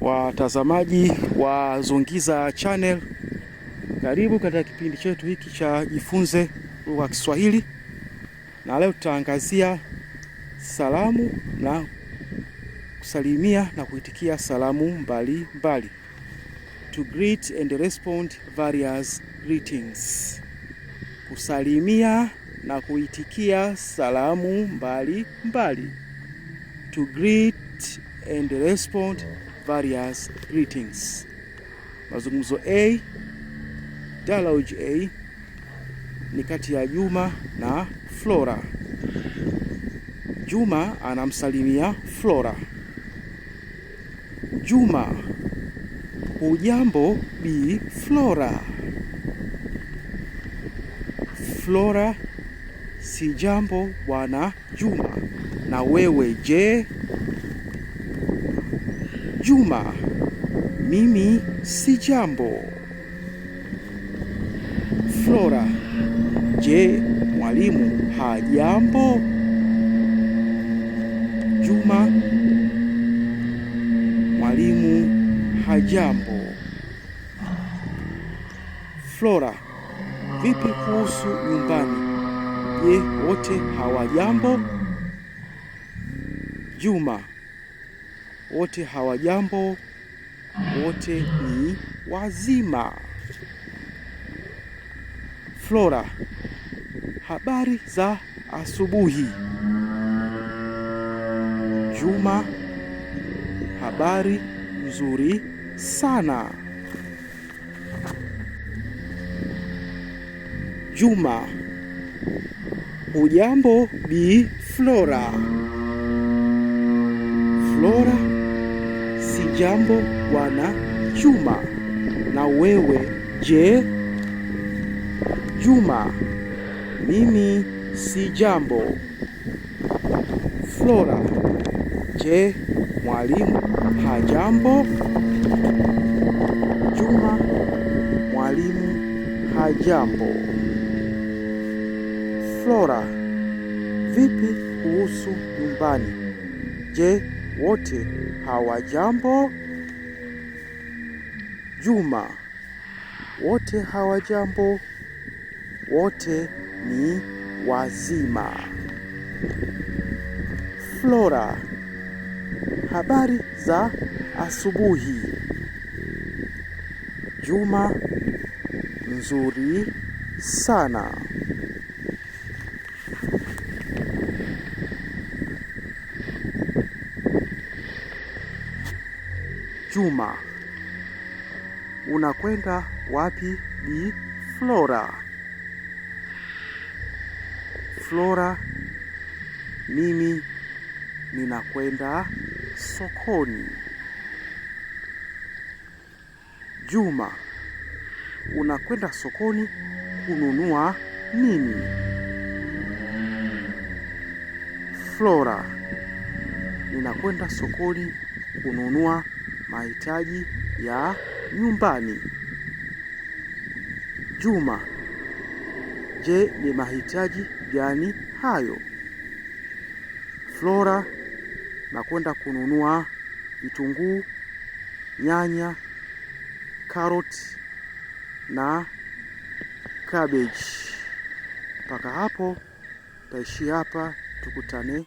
watazamaji wa Zungiza Channel, karibu katika kipindi chetu hiki cha jifunze lugha ya Kiswahili, na leo tutaangazia salamu na kusalimia na kuitikia salamu mbalimbali mbali. To greet and respond various greetings, kusalimia na kuitikia salamu mbali mbali. To greet and respond various greetings. Mazungumzo A dialogue A ni kati ya Juma na Flora. Juma anamsalimia Flora. Juma, hujambo Bi Flora? Flora, si jambo bwana Juma. Na wewe je? Juma, mimi si jambo. Flora, je, mwalimu hajambo? Juma, mwalimu hajambo. Flora, vipi kuhusu nyumbani? Je, wote hawajambo? Juma wote hawajambo, wote ni wazima. Flora, habari za asubuhi. Juma, habari nzuri sana. Juma, hujambo Bi Flora? jambo Bwana Juma. Na wewe je? Juma: mimi si jambo. Flora: je, mwalimu hajambo? Juma: mwalimu hajambo. Flora: vipi kuhusu nyumbani? Je, wote hawajambo. Juma, wote hawajambo, wote ni wazima. Flora, habari za asubuhi. Juma, nzuri sana. Juma. Unakwenda wapi Bi Flora? Flora, mimi ninakwenda sokoni. Juma, unakwenda sokoni kununua nini? Flora, ninakwenda sokoni kununua mahitaji ya nyumbani. Juma, je, ni mahitaji gani hayo? Flora, nakwenda kununua vitunguu, nyanya, karoti na cabbage. Mpaka hapo taishia hapa, tukutane.